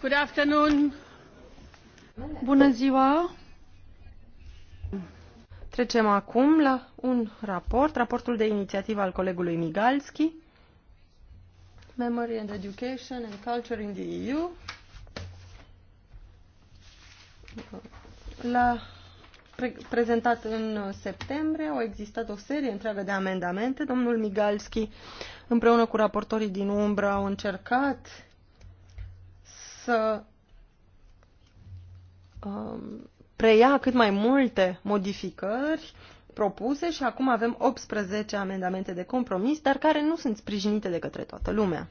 Good afternoon. Bună ziua. Trecem acum la un raport, raportul de inițiativă al colegului Migalski, Memory and Education and Culture in the EU. La pre prezentat în septembrie, au existat o serie întreagă de amendamente. Domnul Migalski, împreună cu raportorii din umbră, au încercat să um, preia cât mai multe modificări propuse și acum avem 18 amendamente de compromis, dar care nu sunt sprijinite de către toată lumea.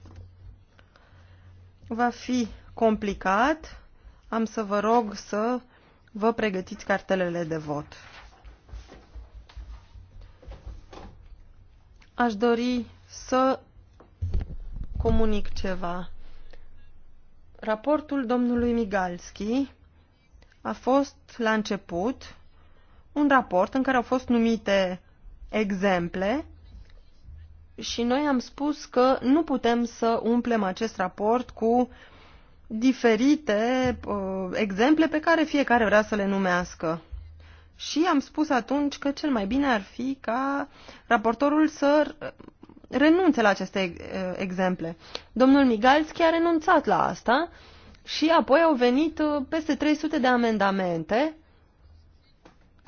Va fi complicat. Am să vă rog să vă pregătiți cartelele de vot. Aș dori să comunic ceva. Raportul domnului Migalski a fost, la început, un raport în care au fost numite exemple și noi am spus că nu putem să umplem acest raport cu diferite uh, exemple pe care fiecare vrea să le numească. Și am spus atunci că cel mai bine ar fi ca raportorul să renunțe la aceste eh, exemple. Domnul Migalski a renunțat la asta și apoi au venit eh, peste 300 de amendamente,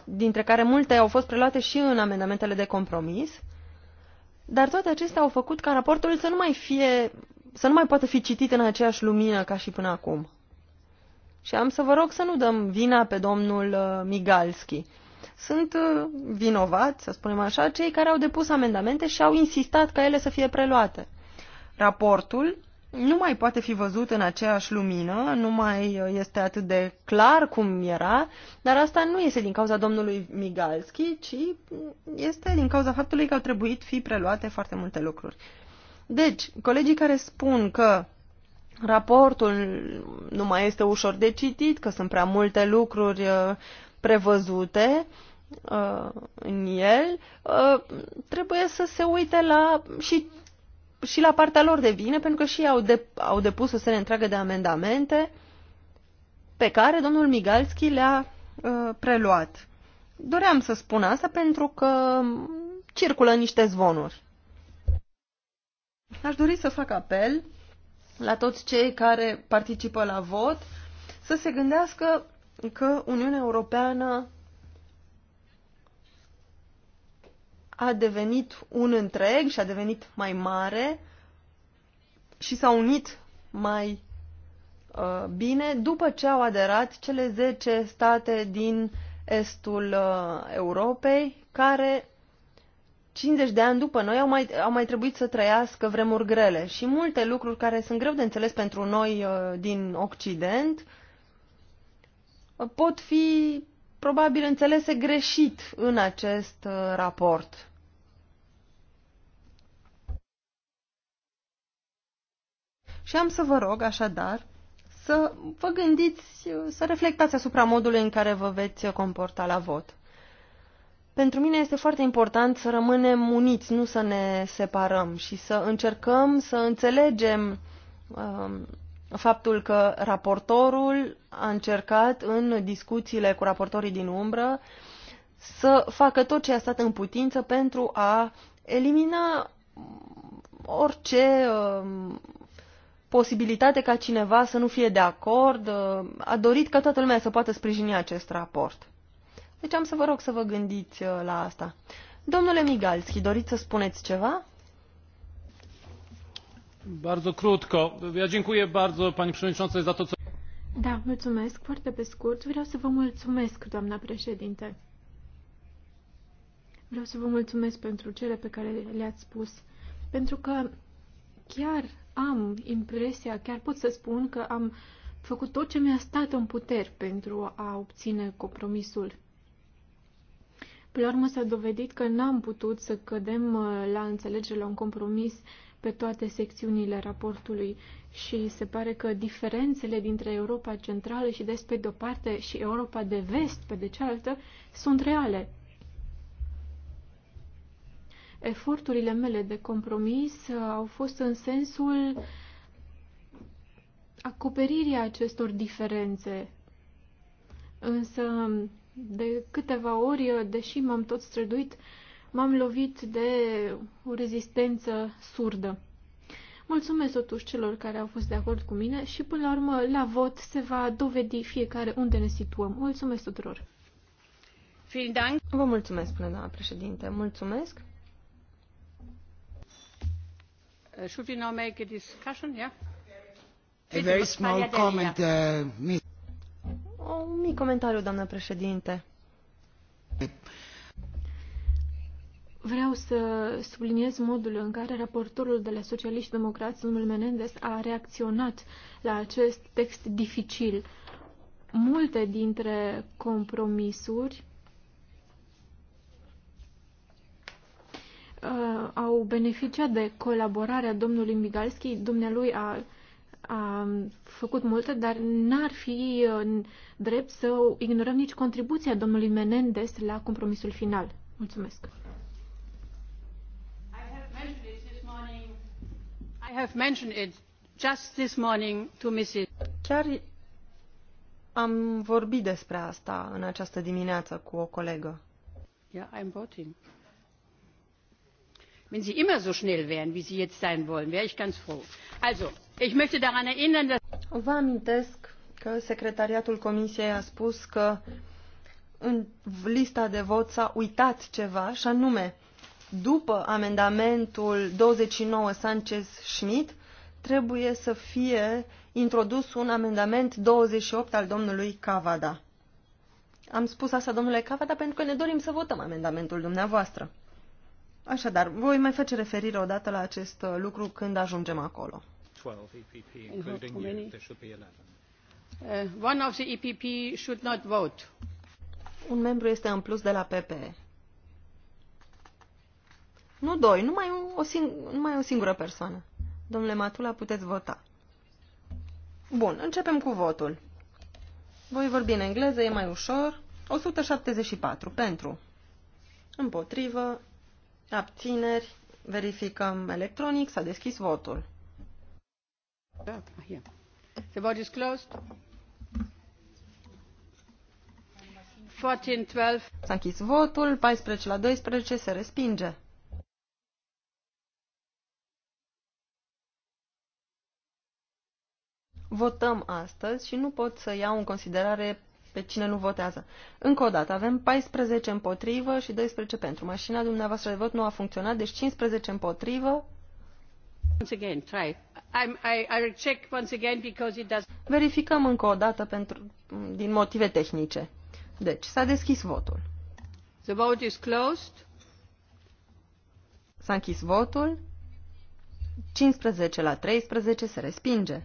dintre care multe au fost preluate și în amendamentele de compromis, dar toate acestea au făcut ca raportul să nu mai fie să nu mai poată fi citit în aceeași lumină ca și până acum. Și am să vă rog să nu dăm vina pe domnul eh, Migalski sunt uh, vinovați, să spunem așa, cei care au depus amendamente și au insistat ca ele să fie preluate. Raportul nu mai poate fi văzut în aceeași lumină, nu mai uh, este atât de clar cum era, dar asta nu este din cauza domnului Migalski, ci este din cauza faptului că au trebuit fi preluate foarte multe lucruri. Deci, colegii care spun că raportul nu mai este ușor de citit, că sunt prea multe lucruri uh, prevăzute uh, în el, uh, trebuie să se uite la și, și la partea lor de vină, pentru că și ei au, de, au depus o serie întreagă de amendamente pe care domnul Migalski le-a uh, preluat. Doream să spun asta pentru că circulă niște zvonuri. Aș dori să fac apel la toți cei care participă la vot să se gândească că Uniunea Europeană a devenit un întreg și a devenit mai mare și s-a unit mai uh, bine după ce au aderat cele 10 state din estul uh, Europei, care 50 de ani după noi au mai, au mai trebuit să trăiască vremuri grele și multe lucruri care sunt greu de înțeles pentru noi uh, din Occident uh, pot fi probabil înțelese greșit în acest uh, raport. Și am să vă rog, așadar, să vă gândiți, uh, să reflectați asupra modului în care vă veți uh, comporta la vot. Pentru mine este foarte important să rămânem uniți, nu să ne separăm și să încercăm să înțelegem um, faptul că raportorul a încercat în discuțiile cu raportorii din umbră să facă tot ce a stat în putință pentru a elimina orice uh, posibilitate ca cineva să nu fie de acord. Uh, a dorit ca toată lumea să poată sprijini acest raport. Deci am să vă rog să vă gândiți uh, la asta. Domnule Migalski, doriți să spuneți ceva? Bardzo krótko. Ja dziękuję bardzo pani przewodniczącej za to, co... Da, mulțumesc. Foarte pe scurt. Vreau să vă mulțumesc, doamna președinte. Vreau să vă mulțumesc pentru cele pe care le-ați spus. Pentru că chiar am impresia, chiar pot să spun că am făcut tot ce mi-a stat în puteri pentru a obține compromisul. Până la urmă s-a dovedit că n-am putut să cădem uh, la înțelegere, la un compromis uh, pe toate secțiunile raportului și se pare că diferențele dintre Europa Centrală și de de-o parte și Europa de Vest pe de cealaltă sunt reale. Eforturile mele de compromis uh, au fost în sensul acoperirii acestor diferențe. Însă, de câteva ori, uh, deși m-am tot străduit, m-am lovit de o rezistență surdă. Mulțumesc totuși celor care au fost de acord cu mine și până la urmă la vot se va dovedi fiecare unde ne situăm. Mulțumesc tuturor! Vă mulțumesc, până doamna președinte. Mulțumesc! Uh, should we now make a discussion? Yeah? A very small comment, uh, miss. Un mic comentariu, doamna președinte. Eh, Vreau să subliniez modul în care raportorul de la Socialiști Democrați, domnul Menendez, a reacționat la acest text dificil. Multe dintre compromisuri uh, au beneficiat de colaborarea domnului Migalski. Dumnealui a, a făcut multe, dar n-ar fi uh, drept să ignorăm nici contribuția domnului Menendez la compromisul final. Mulțumesc! Chiar am vorbit despre asta în această dimineață cu o colegă. voting. Wenn Sie immer so schnell wären, wie Sie jetzt sein wollen, wäre ich ganz froh. Also, ich möchte daran erinnern, dass... Vă amintesc că secretariatul Comisiei a spus că în lista de vot s-a uitat ceva, și anume după amendamentul 29 Sanchez-Schmidt, trebuie să fie introdus un amendament 28 al domnului Cavada. Am spus asta, domnule Cavada, pentru că ne dorim să votăm amendamentul dumneavoastră. Așadar, voi mai face referire odată la acest uh, lucru când ajungem acolo. 12 EPP, exact, including you, there should be 11. Uh, one of the EPP should not vote. Un membru este în plus de la PPE. Nu doi, numai, un, o sing- numai o singură persoană. Domnule Matula, puteți vota. Bun, începem cu votul. Voi vorbi în engleză, e mai ușor. 174 pentru. Împotrivă. Abțineri. Verificăm electronic. S-a deschis votul. The vote is closed. 14-12. S-a închis votul. 14 la 12 se respinge. votăm astăzi și nu pot să iau în considerare pe cine nu votează. Încă o dată, avem 14 împotrivă și 12 pentru. Mașina dumneavoastră de vot nu a funcționat, deci 15 împotrivă. Once again, try. I'm, I, I check once again because it does... Verificăm încă o dată pentru, din motive tehnice. Deci, s-a deschis votul. The vote is closed. S-a închis votul. 15 la 13 se respinge.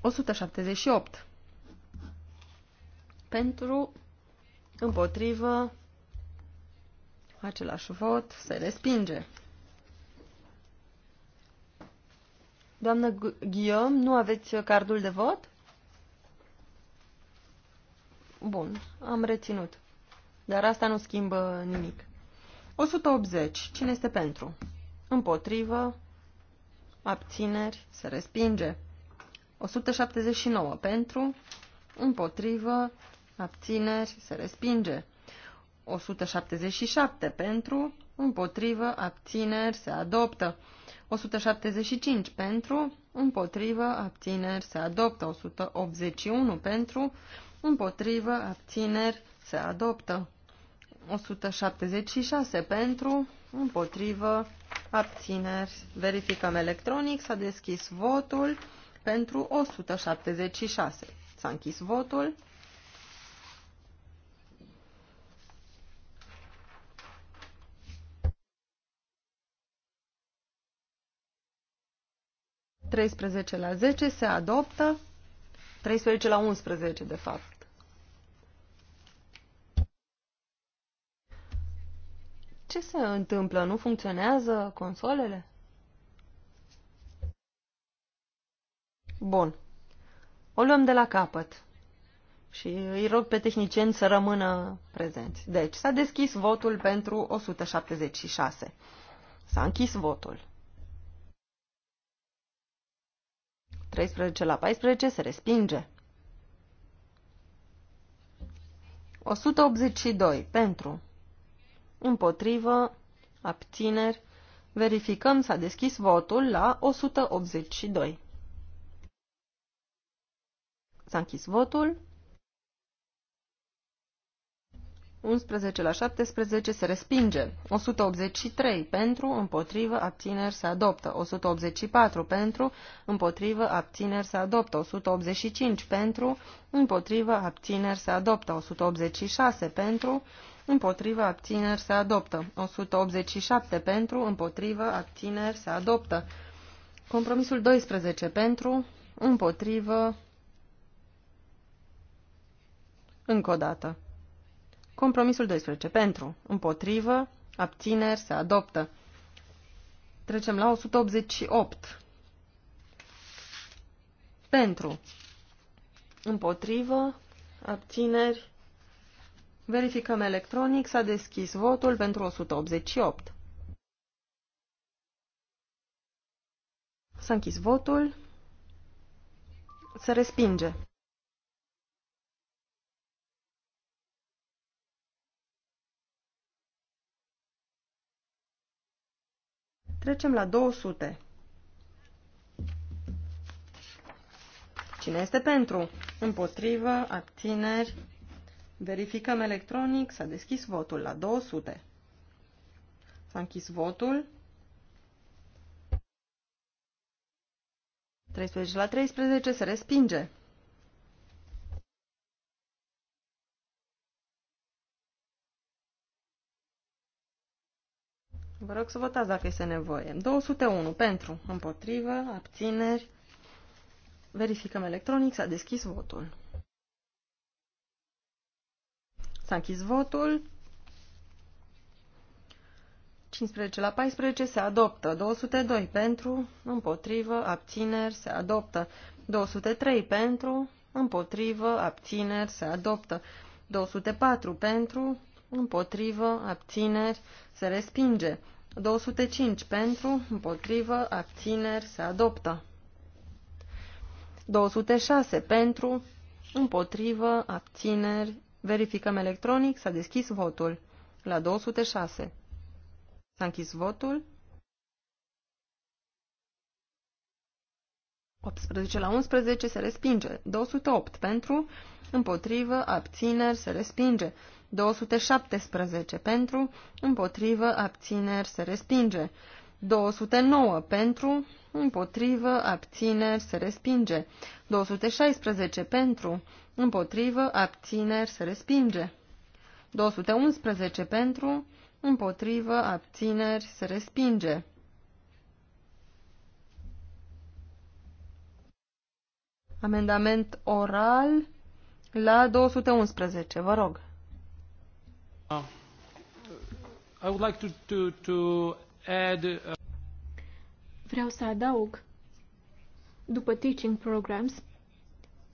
178. Pentru, împotrivă, același vot, se respinge. Doamnă Guillaume, nu aveți cardul de vot? Bun, am reținut. Dar asta nu schimbă nimic. 180. Cine este pentru? Împotrivă. Abțineri. Se respinge. 179 pentru, împotrivă, abțineri, se respinge. 177 pentru, împotrivă, abțineri, se adoptă. 175 pentru, împotrivă, abțineri, se adoptă. 181 pentru, împotrivă, abțineri, se adoptă. 176 pentru, împotrivă, abțineri. Verificăm electronic, s-a deschis votul pentru 176. S-a închis votul. Treisprezece la 10 se adoptă. 13 la 11, de fapt. Ce se întâmplă? Nu funcționează consolele? Bun. O luăm de la capăt. Și îi rog pe tehnicieni să rămână prezenți. Deci, s-a deschis votul pentru 176. S-a închis votul. 13 la 14 se respinge. 182 pentru. Împotrivă. Abțineri. Verificăm s-a deschis votul la 182. S-a închis votul. 11 la 17 se respinge. 183 pentru, împotrivă, abțineri se adoptă. 184 pentru, împotrivă, abțineri se adoptă. 185 pentru, împotrivă, abțineri se adoptă. 186 pentru, împotrivă, abțineri se adoptă. 187 pentru, împotrivă, abțineri se adoptă. Compromisul 12 pentru, împotrivă, încă o dată. Compromisul 12. Pentru, împotrivă, abțineri, se adoptă. Trecem la 188. Pentru, împotrivă, abțineri, verificăm electronic, s-a deschis votul pentru 188. S-a închis votul. Se respinge. Trecem la 200. Cine este pentru? Împotrivă, abțineri. Verificăm electronic. S-a deschis votul la 200. S-a închis votul. 13 la 13 se respinge. Vă rog să votați dacă este nevoie. 201 pentru, împotrivă, abțineri. Verificăm electronic, s-a deschis votul. S-a închis votul. 15 la 14 se adoptă. 202 pentru, împotrivă, abțineri, se adoptă. 203 pentru, împotrivă, abțineri, se adoptă. 204 pentru, împotrivă, abțineri, se respinge. 205 pentru, împotrivă, abțineri, se adoptă. 206 pentru, împotrivă, abțineri, verificăm electronic, s-a deschis votul. La 206. S-a închis votul. 18 la 11 se respinge. 208 pentru, împotrivă, abțineri, se respinge. 217 pentru, împotrivă, abțineri, se respinge. 209 pentru, împotrivă, abțineri, se respinge. 216 pentru, împotrivă, abțineri, se respinge. 211 pentru, împotrivă, abțineri, se respinge. Amendament oral la 211, vă rog. Uh, I would like to, to, to add, uh... Vreau să adaug, după teaching programs,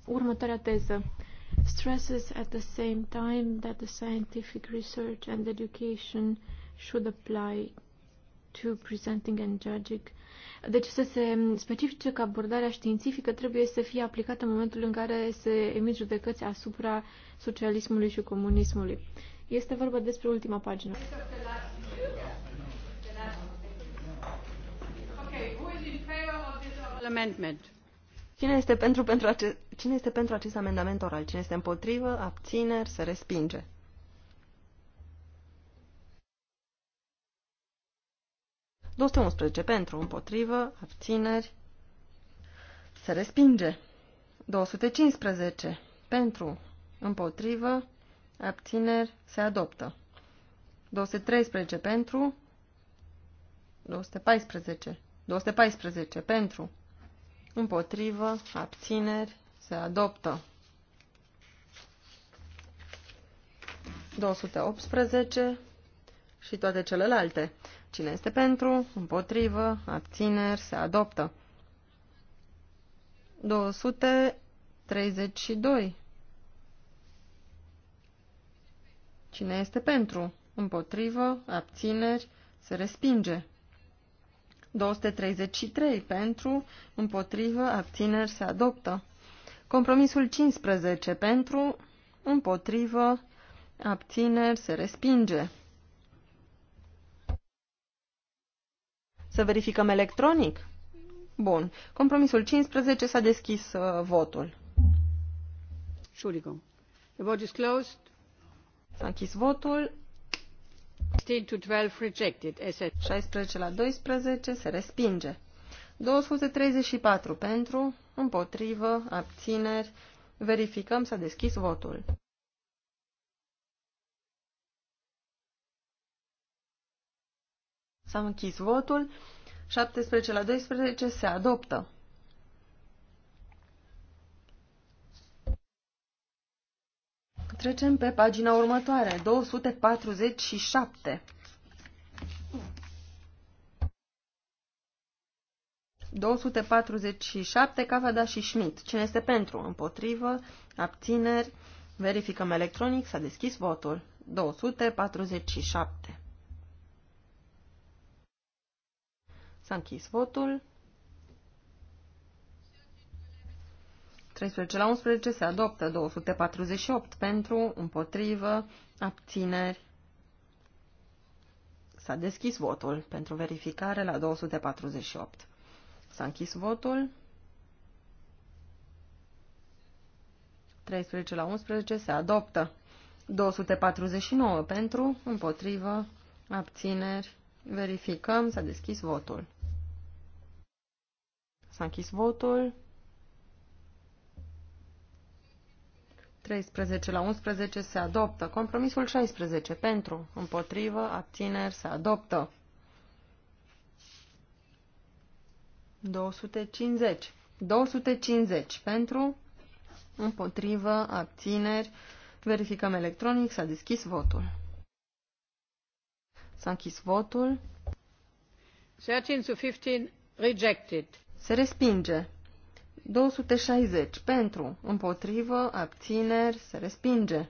următoarea teză. Stresses at the same time that the scientific research and education should apply to presenting and judging. Deci să se specifice că abordarea științifică trebuie să fie aplicată în momentul în care se emit judecăți asupra socialismului și comunismului. Este vorba despre ultima pagină. Cine este pentru, pentru ace- cine este pentru acest amendament oral? Cine este împotrivă? Abțineri? Se respinge. 211 pentru, împotrivă, abțineri, se respinge. 215 pentru, împotrivă, abțineri, se adoptă. 213 pentru, 214, 214 pentru, împotrivă, abțineri, se adoptă. 218 și toate celelalte. Cine este pentru? Împotrivă? Abțineri? Se adoptă. 232. Cine este pentru? Împotrivă? Abțineri? Se respinge. 233. Pentru? Împotrivă? Abțineri? Se adoptă. Compromisul 15. Pentru? Împotrivă? Abțineri? Se respinge. Să verificăm electronic? Bun. Compromisul 15 s-a deschis uh, votul. Entschuldigung. The vote is closed. S-a închis votul. 16 to 12 rejected. 16 la 12 se respinge. 234 pentru, împotrivă, abțineri. Verificăm s-a deschis votul. S-a închis votul. 17 la 12 se adoptă. Trecem pe pagina următoare, 247. 247, Cavada și Schmidt. Cine este pentru? Împotrivă? Abțineri? Verificăm electronic. S-a deschis votul. 247. S-a închis votul. 13 la 11 se adoptă 248 pentru, împotrivă, abțineri. S-a deschis votul pentru verificare la 248. S-a închis votul. 13 la 11 se adoptă 249 pentru, împotrivă, abțineri. Verificăm, s-a deschis votul. S-a închis votul. 13 la 11 se adoptă. Compromisul 16 pentru, împotrivă, abțineri se adoptă. 250. 250 pentru, împotrivă, abțineri. Verificăm electronic, s-a deschis votul. S-a închis votul. 13 to 15 rejected. Se respinge. 260 pentru, împotrivă, abțineri, se respinge.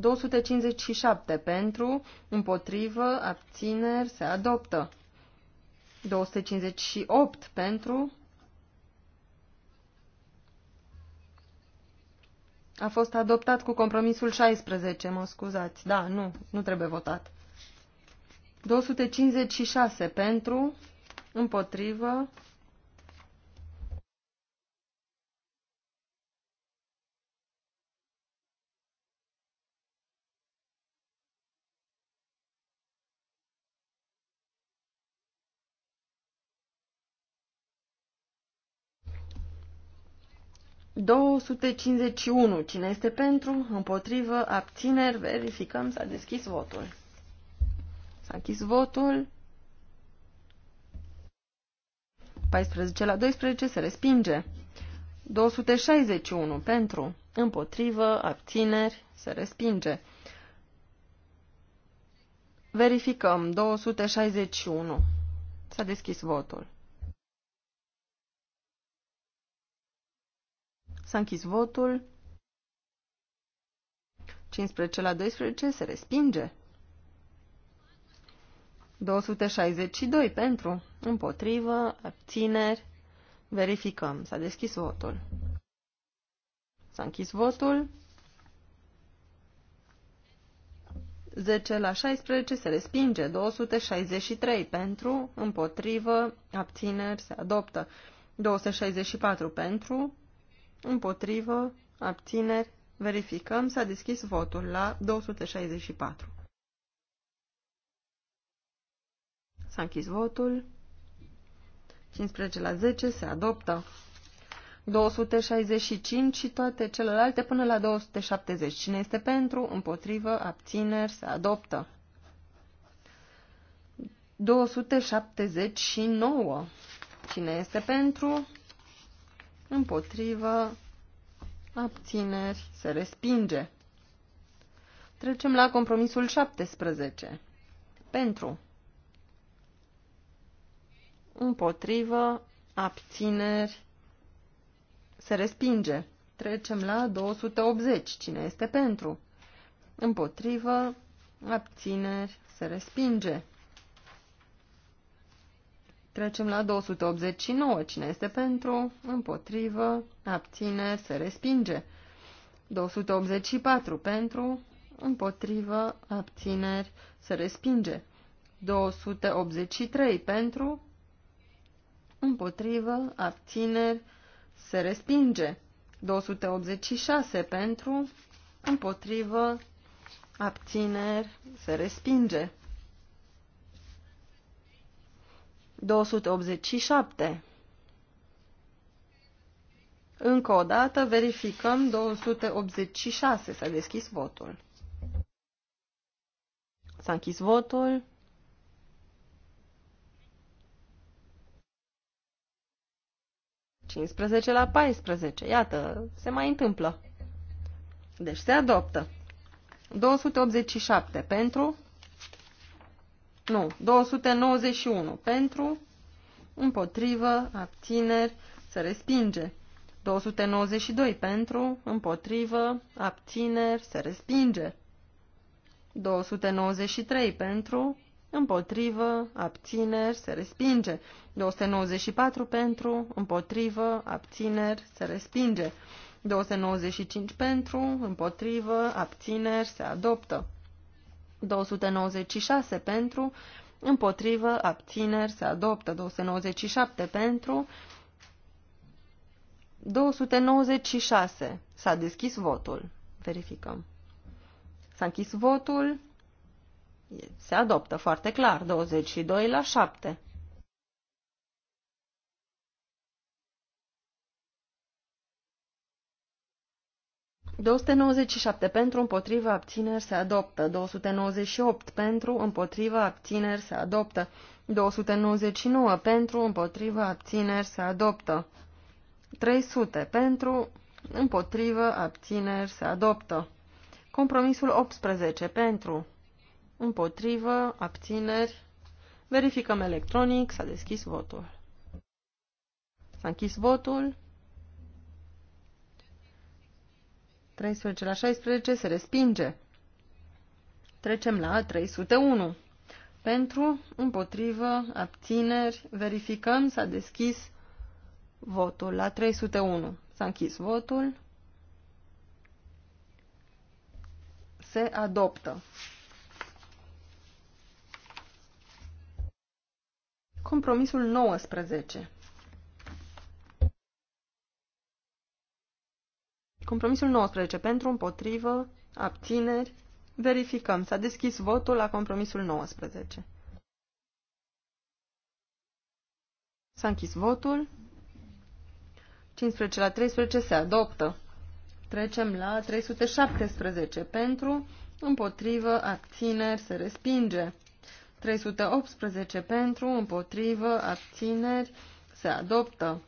...257 pentru, împotrivă, abțineri, se adoptă. 258 pentru... A fost adoptat cu compromisul 16, mă scuzați. Da, nu, nu trebuie votat. 256 pentru, împotrivă, Două Cine este pentru? Împotrivă? Abțineri? Verificăm. S-a deschis votul. S-a închis votul. 14 la 12 se respinge. 261 pentru, împotrivă, abțineri, se respinge. Verificăm 261. S-a deschis votul. S-a închis votul. 15 la 12 se respinge. 262 pentru, împotrivă, abțineri, verificăm. S-a deschis votul. S-a închis votul. 10 la 16 se respinge, 263 pentru, împotrivă, abțineri, se adoptă. 264 pentru, împotrivă, abțineri, verificăm, s-a deschis votul la 264. S-a închis votul. 15 la 10 se adoptă. 265 și toate celelalte până la 270. Cine este pentru, împotrivă, abțineri, se adoptă. 279. Cine este pentru, împotrivă, abțineri, se respinge. Trecem la compromisul 17. Pentru împotrivă, abțineri, se respinge. Trecem la 280. Cine este pentru? Împotrivă, abțineri, se respinge. Trecem la 289. Cine este pentru? Împotrivă, abțineri, se respinge. 284 pentru, împotrivă, abțineri, se respinge. 283 pentru, împotrivă, abțineri, se respinge. 286 pentru, împotrivă, abțineri, se respinge. 287. Încă o dată verificăm 286. S-a deschis votul. S-a închis votul. 15 la 14. Iată, se mai întâmplă. Deci se adoptă. 287 pentru. Nu, 291 pentru. Împotrivă, abțineri, se respinge. 292 pentru, împotrivă, abțineri, se respinge. 293 pentru, împotrivă, abțineri, se respinge. 294 pentru, împotrivă, abțineri, se respinge. 295 pentru, împotrivă, abțineri, se adoptă. 296 pentru, împotrivă, abțineri, se adoptă. 297 pentru, 296. S-a deschis votul. Verificăm. S-a închis votul. Se adoptă foarte clar, 22 la 7. șapte pentru împotriva abțineri se adoptă, 298 pentru împotriva abțineri se adoptă, 299 pentru împotriva abțineri se adoptă, 300 pentru împotrivă abțineri se adoptă, compromisul 18 pentru împotrivă, abțineri. Verificăm electronic, s-a deschis votul. S-a închis votul. 13 la 16 se respinge. Trecem la 301. Pentru, împotrivă, abțineri, verificăm, s-a deschis votul la 301. S-a închis votul. Se adoptă. Compromisul 19. Compromisul 19. Pentru, împotrivă, abțineri. Verificăm. S-a deschis votul la compromisul 19. S-a închis votul. 15 la 13 se adoptă. Trecem la 317. Pentru, împotrivă, abțineri, se respinge. 318 pentru, împotrivă, abțineri, se adoptă.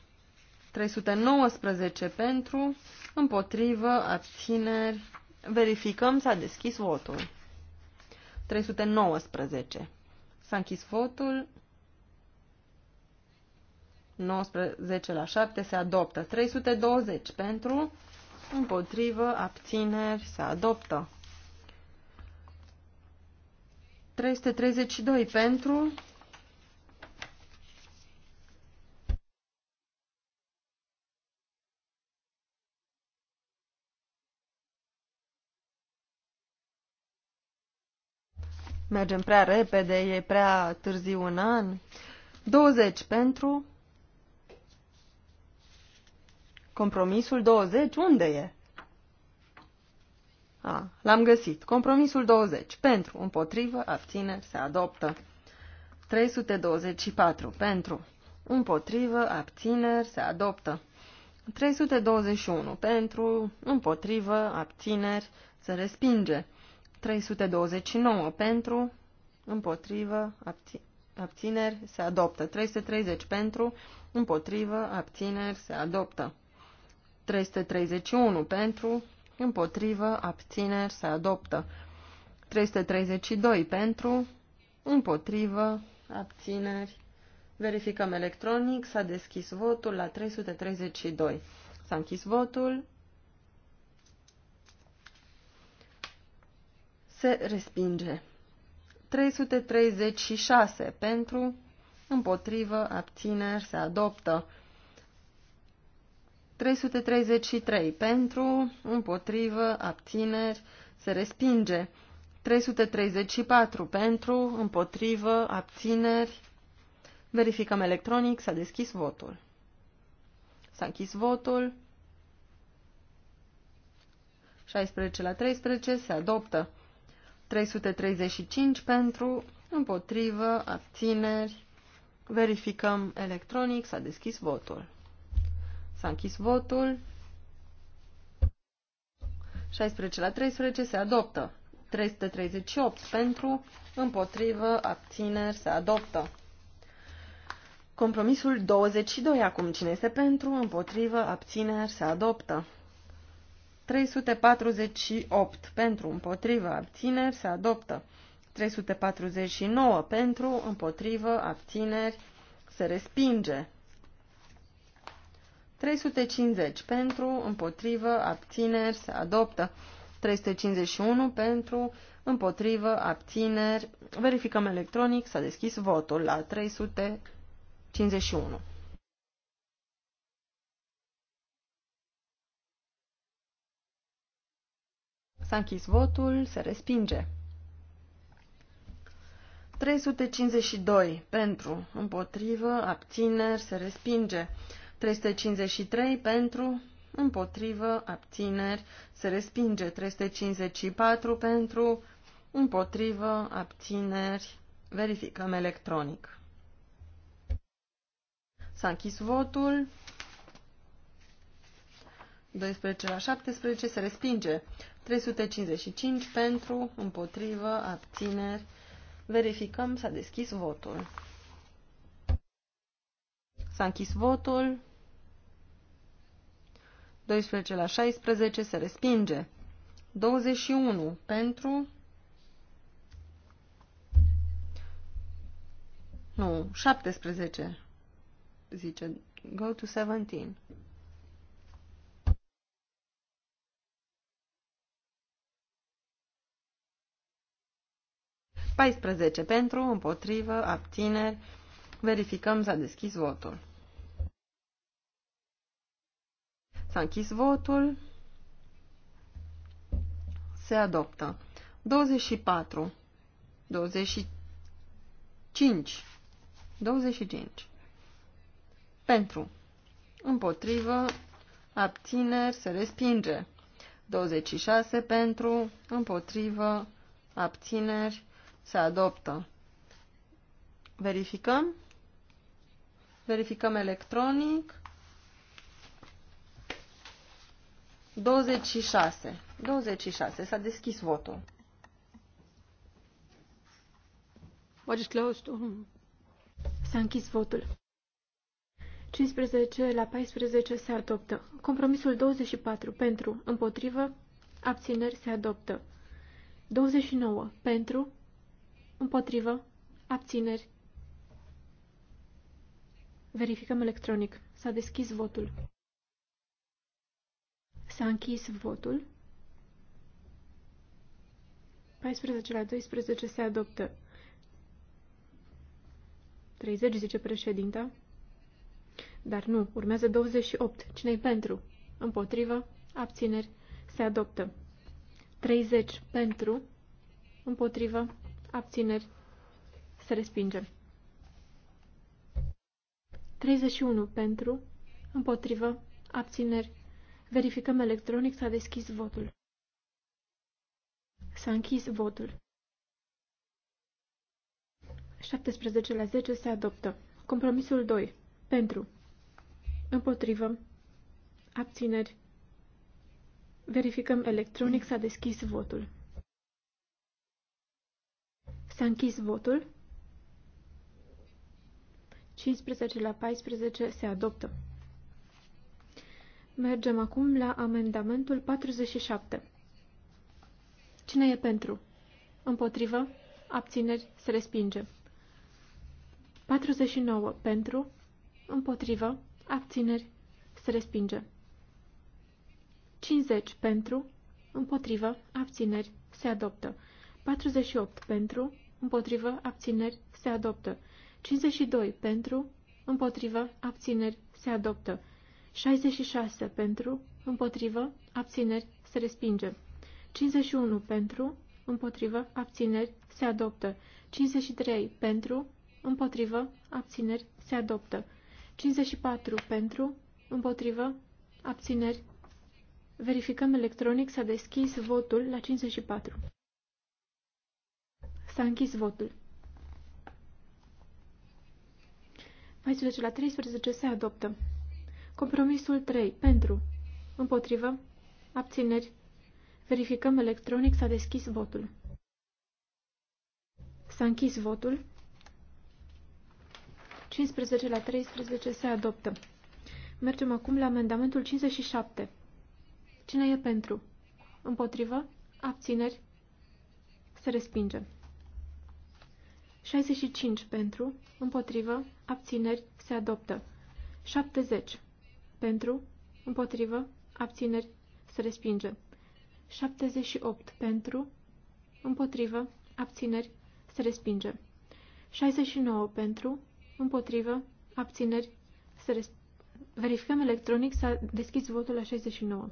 319 pentru, împotrivă, abțineri, verificăm, s-a deschis votul. 319. S-a închis votul. 19 la 7 se adoptă. 320 pentru, împotrivă, abțineri, se adoptă. 332 pentru, Mergem prea repede, e prea târziu un an. 20 pentru. Compromisul 20, unde e? A, l-am găsit. Compromisul 20. Pentru, împotrivă, abțineri, se adoptă. 324. Pentru, împotrivă, abțineri, se adoptă. 321. Pentru, împotrivă, abțineri, se respinge. 329. Pentru, împotrivă, abțineri. Abțineri se adoptă. 330 pentru, împotrivă, abțineri se adoptă. 331 pentru, împotrivă, abțineri, se adoptă. 332 pentru, împotrivă, abțineri. Verificăm electronic, s-a deschis votul la 332. S-a închis votul. Se respinge. 336 pentru, împotrivă, abțineri, se adoptă. 333 pentru, împotrivă, abțineri, se respinge. 334 pentru, împotrivă, abțineri. Verificăm electronic, s-a deschis votul. S-a închis votul. 16 la 13 se adoptă. 335 pentru, împotrivă, abțineri. Verificăm electronic, s-a deschis votul. S-a închis votul. 16 la 13 se adoptă. 338 pentru, împotrivă, abțineri, se adoptă. Compromisul 22 acum. Cine este pentru, împotrivă, abțineri, se adoptă. 348 pentru, împotrivă, abțineri, se adoptă. 349 pentru, împotrivă, abțineri, se respinge. 350 pentru, împotrivă, abțineri, se adoptă. 351 pentru, împotrivă, abțineri. Verificăm electronic, s-a deschis votul la 351. S-a închis votul, se respinge. 352 pentru, împotrivă, abțineri, se respinge. 353 pentru, împotrivă, abțineri, se respinge 354 pentru, împotrivă, abțineri, verificăm electronic. S-a închis votul. 12 la 17 se respinge. 355 pentru, împotrivă, abțineri. Verificăm, s-a deschis votul. S-a închis votul. 12 la 16 se respinge. 21 pentru... Nu, 17, zice. Go to 17. Paisprezece pentru, împotrivă, abțineri. Verificăm, s-a deschis votul. S-a închis votul. Se adoptă. 24. 25. 25. Pentru. Împotrivă. Abțineri. Se respinge. 26 pentru, împotrivă, abțineri, se adoptă. Verificăm. Verificăm electronic. 26. 26. S-a deschis votul. What is closed? S-a închis votul. 15 la 14 se adoptă. Compromisul 24. Pentru. Împotrivă. Abțineri se adoptă. 29. Pentru. Împotrivă. Abțineri. Verificăm electronic. S-a deschis votul. S-a închis votul. 14 la 12 se adoptă. 30, zice președinta. Dar nu, urmează 28. Cine-i pentru? Împotrivă? Abțineri? Se adoptă. 30 pentru? Împotrivă? Abțineri? Se respinge. 31 pentru? Împotrivă? Abțineri? Verificăm electronic, s-a deschis votul. S-a închis votul. 17 la 10 se adoptă. Compromisul 2. Pentru. Împotrivă. Abțineri. Verificăm electronic, s-a deschis votul. S-a închis votul. 15 la 14 se adoptă. Mergem acum la amendamentul 47. Cine e pentru? Împotrivă? Abțineri? Se respinge. 49. Pentru? Împotrivă? Abțineri? Se respinge. 50. Pentru? Împotrivă? Abțineri? Se adoptă. 48. Pentru? Împotrivă? Abțineri? Se adoptă. 52. Pentru? Împotrivă? Abțineri? Se adoptă. 66 pentru, împotrivă, abțineri, se respinge. 51 pentru, împotrivă, abțineri, se adoptă. 53 pentru, împotrivă, abțineri, se adoptă. 54 pentru, împotrivă, abțineri. Verificăm electronic, s-a deschis votul la 54. S-a închis votul. 14 la 13 se adoptă. Compromisul 3. Pentru. Împotrivă. Abțineri. Verificăm electronic. S-a deschis votul. S-a închis votul. 15 la 13 se adoptă. Mergem acum la amendamentul 57. Cine e pentru? Împotrivă? Abțineri? Se respinge. 65 pentru, împotrivă, abțineri, se adoptă. 70 pentru, împotrivă, abțineri, se respinge. 78 pentru, împotrivă, abțineri, se respinge. 69 pentru, împotrivă, abțineri, se respinge. Verificăm electronic, s-a deschis votul la 69.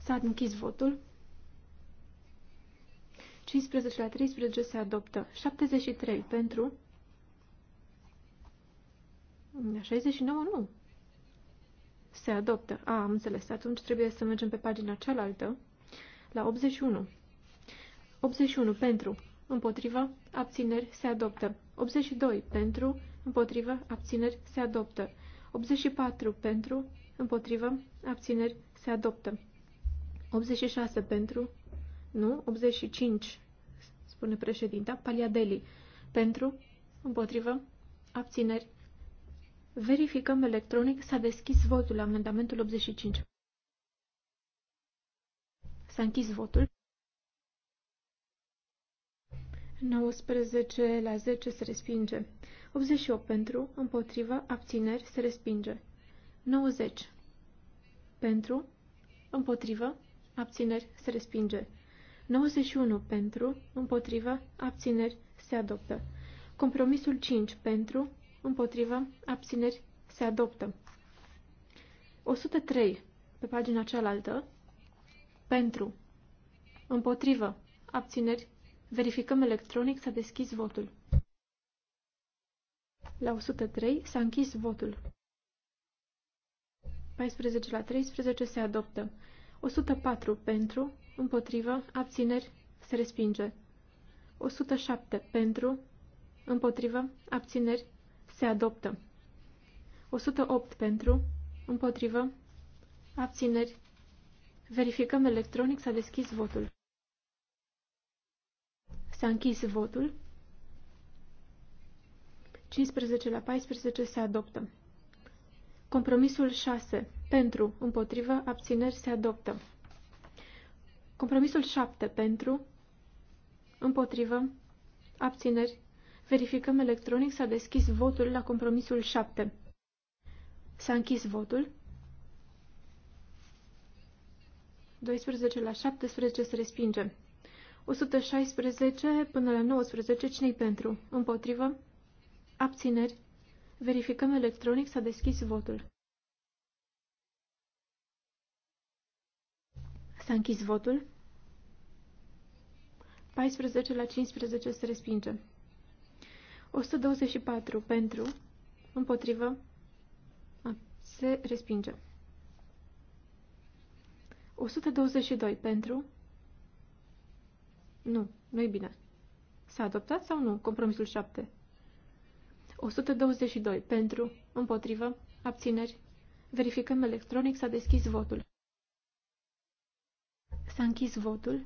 S-a închis votul. 15 la 13 se adoptă. 73 pentru, 69 nu. Se adoptă. A, am înțeles. Atunci trebuie să mergem pe pagina cealaltă, la 81. 81 pentru, împotriva, abțineri, se adoptă. 82 pentru, împotriva, abțineri, se adoptă. 84 pentru, împotriva, abțineri, se adoptă. 86 pentru, nu, 85, spune președinta, Paliadeli, pentru, împotriva, abțineri, Verificăm electronic. S-a deschis votul la amendamentul 85. S-a închis votul. 19 la 10 se respinge. 88 pentru, împotrivă, abțineri, se respinge. 90 pentru, împotrivă, abțineri, se respinge. 91 pentru, împotrivă, abțineri, se adoptă. Compromisul 5 pentru, împotrivă, abțineri, se adoptă. 103, pe pagina cealaltă, pentru, împotrivă, abțineri, verificăm electronic, s-a deschis votul. La 103 s-a închis votul. 14 la 13 se adoptă. 104 pentru, împotrivă, abțineri, se respinge. 107 pentru, împotrivă, abțineri, se adoptă. 108 pentru, împotrivă, abțineri. Verificăm electronic, s-a deschis votul. S-a închis votul. 15 la 14 se adoptă. Compromisul 6. Pentru, împotrivă, abțineri se adoptă. Compromisul 7. Pentru, împotrivă, abțineri Verificăm electronic, s-a deschis votul la compromisul 7. S-a închis votul. 12 la 17 se respinge. 116 până la 19, cine pentru? Împotrivă? Abțineri? Verificăm electronic, s-a deschis votul. S-a închis votul. 14 la 15 se respinge. 124 pentru, împotrivă, se respinge. 122 pentru, nu, nu-i bine. S-a adoptat sau nu compromisul 7? 122 pentru, împotrivă, abțineri. Verificăm electronic, s-a deschis votul. S-a închis votul.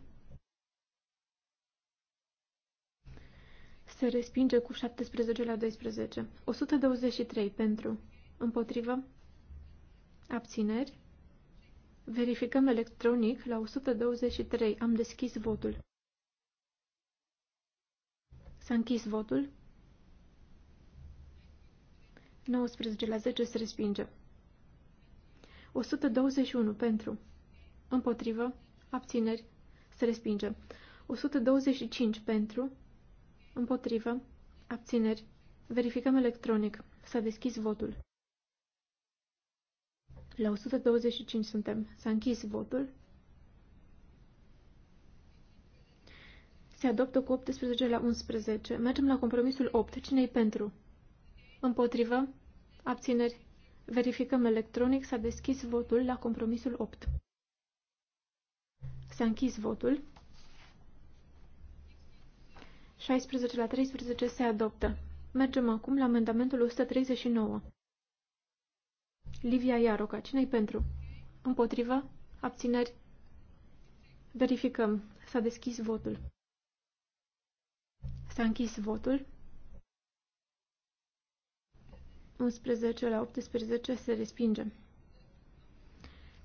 se respinge cu 17 la 12. 123 pentru, împotrivă, abțineri. Verificăm electronic la 123. Am deschis votul. S-a închis votul. 19 la 10 se respinge. 121 pentru, împotrivă, abțineri, se respinge. 125 pentru, Împotrivă. Abțineri. Verificăm electronic. S-a deschis votul. La 125 suntem. S-a închis votul. Se adoptă cu 18 la 11. Mergem la compromisul 8. Cine-i pentru? Împotrivă. Abțineri. Verificăm electronic. S-a deschis votul la compromisul 8. S-a închis votul. 16 la 13 se adoptă. Mergem acum la amendamentul 139. Livia Iaroca, cine-i pentru? Împotrivă? Abțineri? Verificăm. S-a deschis votul. S-a închis votul. 11 la 18 se respinge.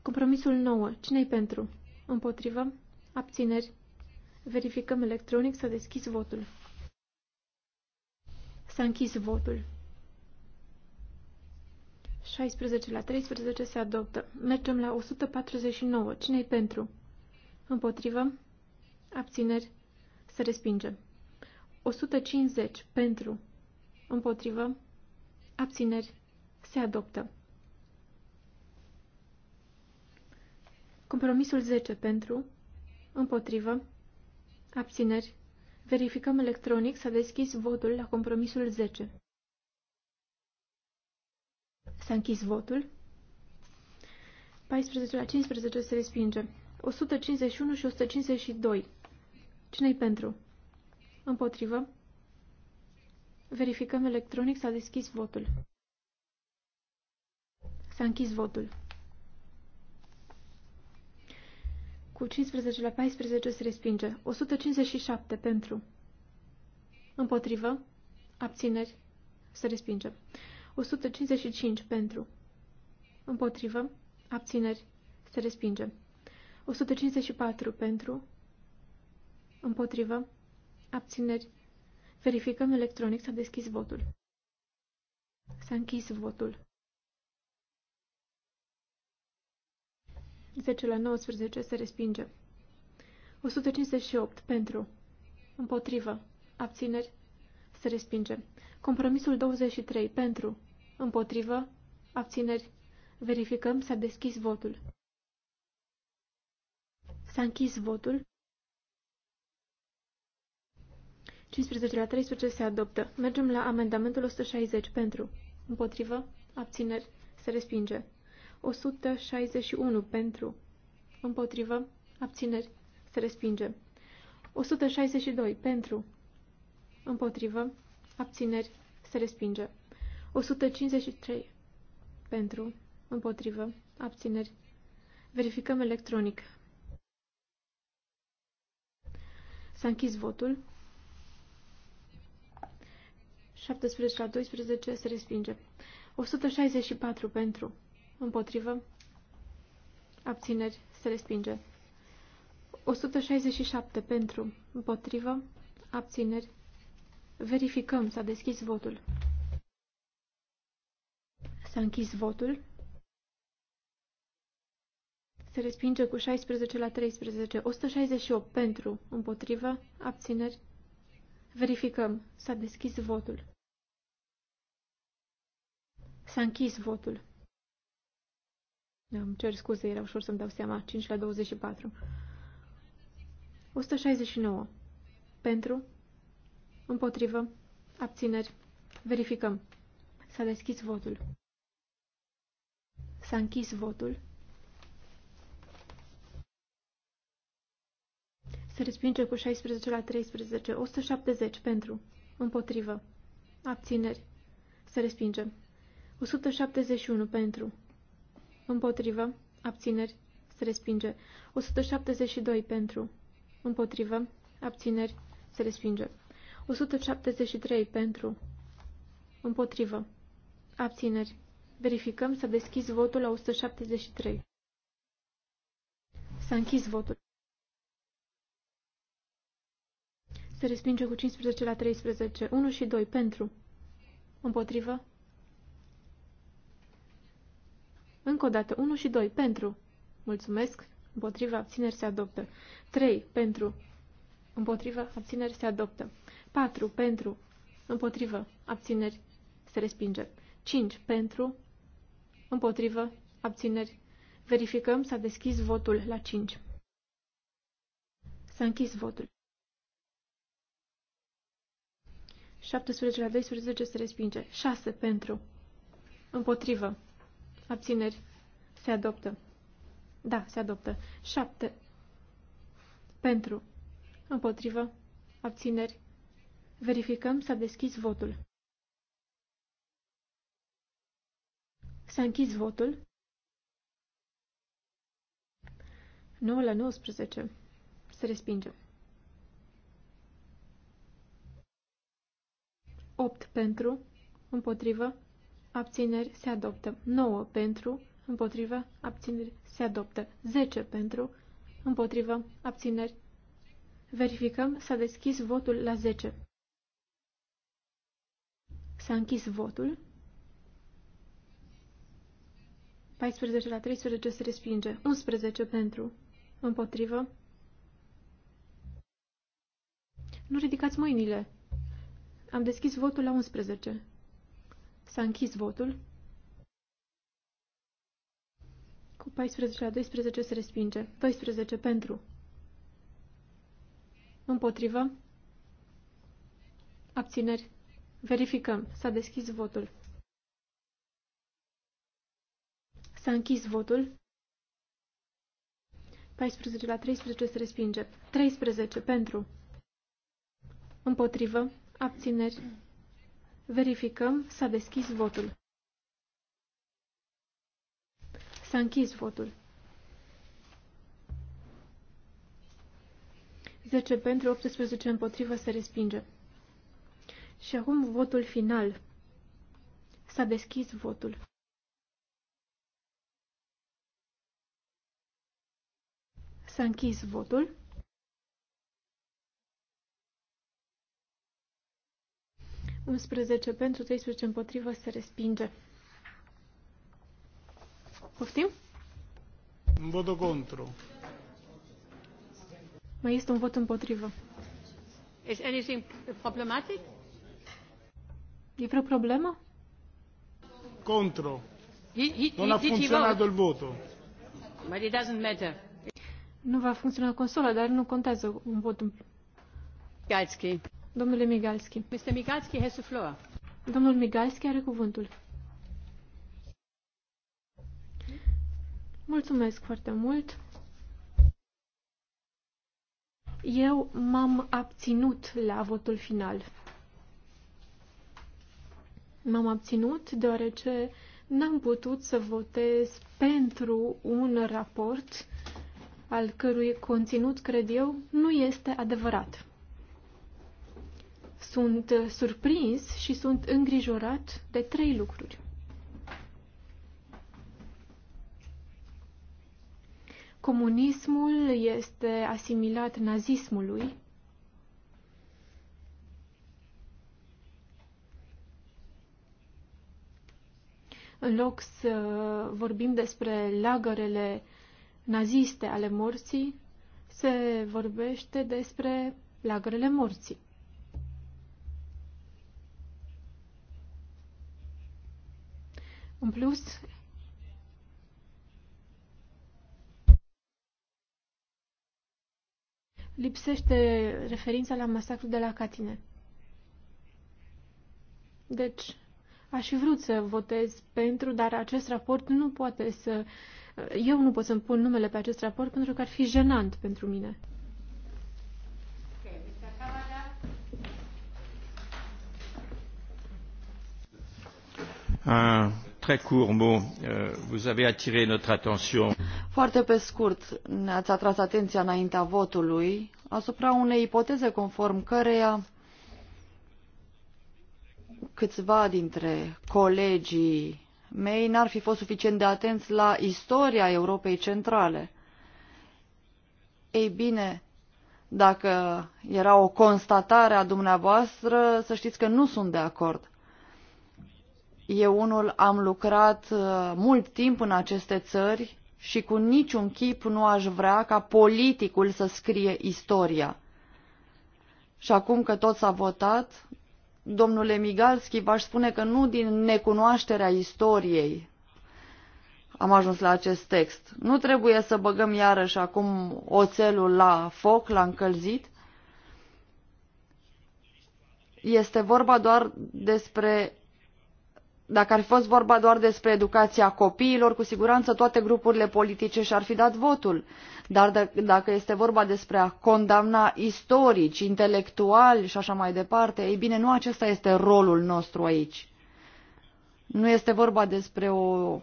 Compromisul 9. Cine-i pentru? Împotrivă? Abțineri? Verificăm electronic, s-a deschis votul. S-a închis votul. 16 la 13 se adoptă. Mergem la 149. Cine-i pentru? Împotrivă? Abțineri? Se respinge. 150. Pentru? Împotrivă? Abțineri? Se adoptă. Compromisul 10. Pentru? Împotrivă? Abțineri. Verificăm electronic. S-a deschis votul la compromisul 10. S-a închis votul. 14 la 15 se respinge. 151 și 152. Cine-i pentru? Împotrivă. Verificăm electronic. S-a deschis votul. S-a închis votul. Cu 15 la 14 se respinge. 157 pentru. Împotrivă. Abțineri. Se respinge. 155 pentru. Împotrivă. Abțineri. Se respinge. 154 pentru. Împotrivă. Abțineri. Verificăm electronic. S-a deschis votul. S-a închis votul. 10 la 19 se respinge. 158 pentru. Împotrivă. Abțineri. Se respinge. Compromisul 23 pentru. Împotrivă. Abțineri. Verificăm. S-a deschis votul. S-a închis votul. 15 la 13 se adoptă. Mergem la amendamentul 160 pentru. Împotrivă. Abțineri. Se respinge. 161 pentru, împotrivă, abțineri, se respinge. 162 pentru, împotrivă, abțineri, se respinge. 153 pentru, împotrivă, abțineri. Verificăm electronic. S-a închis votul. 17 la 12 se respinge. 164 pentru, Împotrivă. Abțineri. Se respinge. 167 pentru. Împotrivă. Abțineri. Verificăm. S-a deschis votul. S-a închis votul. Se respinge cu 16 la 13. 168 pentru. Împotrivă. Abțineri. Verificăm. S-a deschis votul. S-a închis votul. Îmi cer scuze, era ușor să-mi dau seama. 5 la 24. 169. Pentru. Împotrivă. Abțineri. Verificăm. S-a deschis votul. S-a închis votul. Se respinge cu 16 la 13. 170 pentru. Împotrivă. Abțineri. Se respinge. 171 pentru. Împotrivă. Abțineri. Se respinge. 172 pentru. Împotrivă. Abțineri. Se respinge. 173 pentru. Împotrivă. Abțineri. Verificăm să deschizi votul la 173. S-a închis votul. Se respinge cu 15 la 13. 1 și 2 pentru. Împotrivă. Încă o dată, 1 și 2, pentru. Mulțumesc. Împotriva abțineri se adoptă. 3. Pentru. Împotriva abțineri se adoptă. 4. Pentru. Împotrivă. Abțineri se respinge. 5. Pentru. Împotrivă. Abțineri. Verificăm. S-a deschis votul la 5. S-a închis votul. 17 la 12 se respinge. 6. Pentru. Împotrivă. Abțineri. Se adoptă. Da, se adoptă. 7. Pentru. Împotrivă. Abțineri. Verificăm. S-a deschis votul. S-a închis votul. 9 la 19. Se respinge. 8 pentru, împotrivă, abțineri se adoptă. 9 pentru, împotrivă, abțineri se adoptă. 10 pentru, împotrivă, abțineri. Verificăm, s-a deschis votul la 10. S-a închis votul. 14 la 13 se respinge. 11 pentru, împotrivă. Nu ridicați mâinile. Am deschis votul la 11. S-a închis votul. Cu 14 la 12 se respinge. 12 pentru. Împotrivă. Abțineri. Verificăm. S-a deschis votul. S-a închis votul. 14 la 13 se respinge. 13 pentru. Împotrivă. Abțineri. Verificăm. S-a deschis votul. S-a închis votul. 10 pentru, 18 împotrivă, se respinge. Și acum votul final. S-a deschis votul. S-a închis votul. 11 pentru, 13 împotrivă, se respinge. Poftim? Un voto contro. Mai este un vot împotrivă. Is anything problematic? E vreo problemă? Contro. He, he, non he, a funcționat il voto. But it doesn't matter. Nu va funcționa consola, dar nu contează un vot. Galski. Domnule Migalski. Mr. Migalski has the floor. Domnul Migalski are cuvântul. Mulțumesc foarte mult. Eu m-am abținut la votul final. M-am abținut deoarece n-am putut să votez pentru un raport al cărui conținut, cred eu, nu este adevărat. Sunt surprins și sunt îngrijorat de trei lucruri. Comunismul este asimilat nazismului. În loc să vorbim despre lagărele naziste ale morții, se vorbește despre lagărele morții. În plus, lipsește referința la masacrul de la Catine. Deci, aș fi vrut să votez pentru, dar acest raport nu poate să... Eu nu pot să-mi pun numele pe acest raport pentru că ar fi jenant pentru mine. Ah, très court mot, euh, vous avez attiré notre attention. Foarte pe scurt, ne-ați atras atenția înaintea votului asupra unei ipoteze conform căreia câțiva dintre colegii mei n-ar fi fost suficient de atenți la istoria Europei Centrale. Ei bine, dacă era o constatare a dumneavoastră, să știți că nu sunt de acord. Eu unul am lucrat uh, mult timp în aceste țări și cu niciun chip nu aș vrea ca politicul să scrie istoria. Și acum că tot s-a votat, domnule Migalski, v-aș spune că nu din necunoașterea istoriei am ajuns la acest text. Nu trebuie să băgăm iarăși acum oțelul la foc, la încălzit. Este vorba doar despre dacă ar fi fost vorba doar despre educația copiilor, cu siguranță toate grupurile politice și-ar fi dat votul. Dar dacă este vorba despre a condamna istorici, intelectuali și așa mai departe, ei bine, nu acesta este rolul nostru aici. Nu este vorba despre o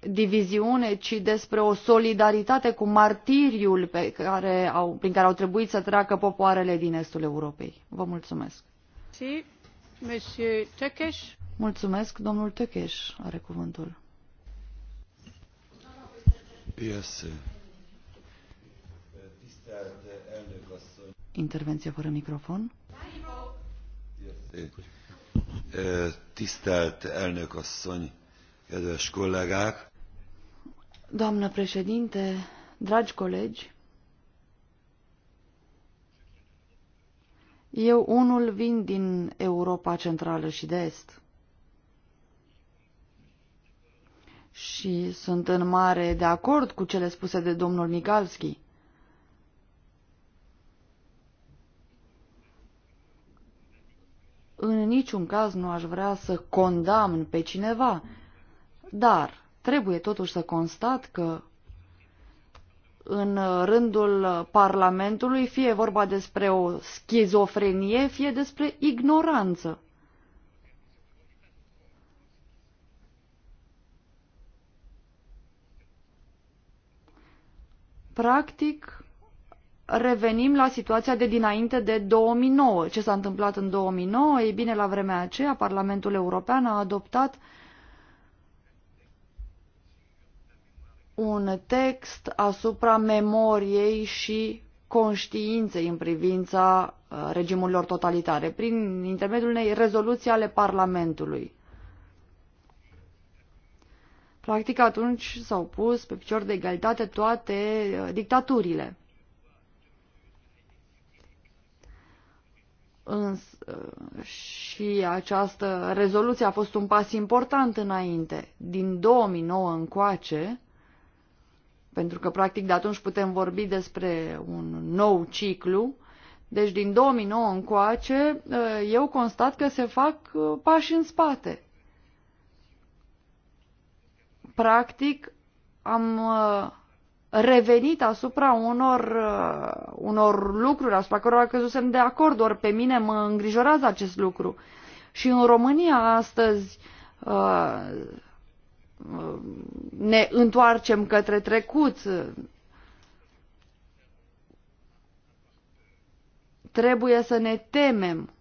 diviziune, ci despre o solidaritate cu martiriul pe care au, prin care au trebuit să treacă popoarele din estul Europei. Vă mulțumesc. Sí. Mulțumesc, domnul Tökes are cuvântul. Intervenție fără microfon. Eh, tisztelt elnök asszony, kedves kollégák! Doamnă președinte, dragi colegi, Eu unul vin din Europa Centrală și de Est. Și sunt în mare de acord cu cele spuse de domnul Migalski. În niciun caz nu aș vrea să condamn pe cineva, dar trebuie totuși să constat că în rândul Parlamentului, fie vorba despre o schizofrenie, fie despre ignoranță. Practic, revenim la situația de dinainte de 2009. Ce s-a întâmplat în 2009? Ei bine, la vremea aceea, Parlamentul European a adoptat uh, un text asupra memoriei și conștiinței în privința uh, regimurilor totalitare, prin intermediul unei rezoluții ale Parlamentului. Practic atunci s-au pus pe picior de egalitate toate uh, dictaturile. Îns, uh, și această rezoluție a fost un pas important înainte. Din 2009 încoace, pentru că practic de atunci putem vorbi despre un nou ciclu. Deci din 2009 încoace eh, eu constat că se fac eh, pași în spate. Practic am eh, revenit asupra unor, unor lucruri asupra cărora căzusem de acord, ori pe mine mă îngrijorează acest lucru. Și în România astăzi ne întoarcem către trecut. Trebuie să ne temem.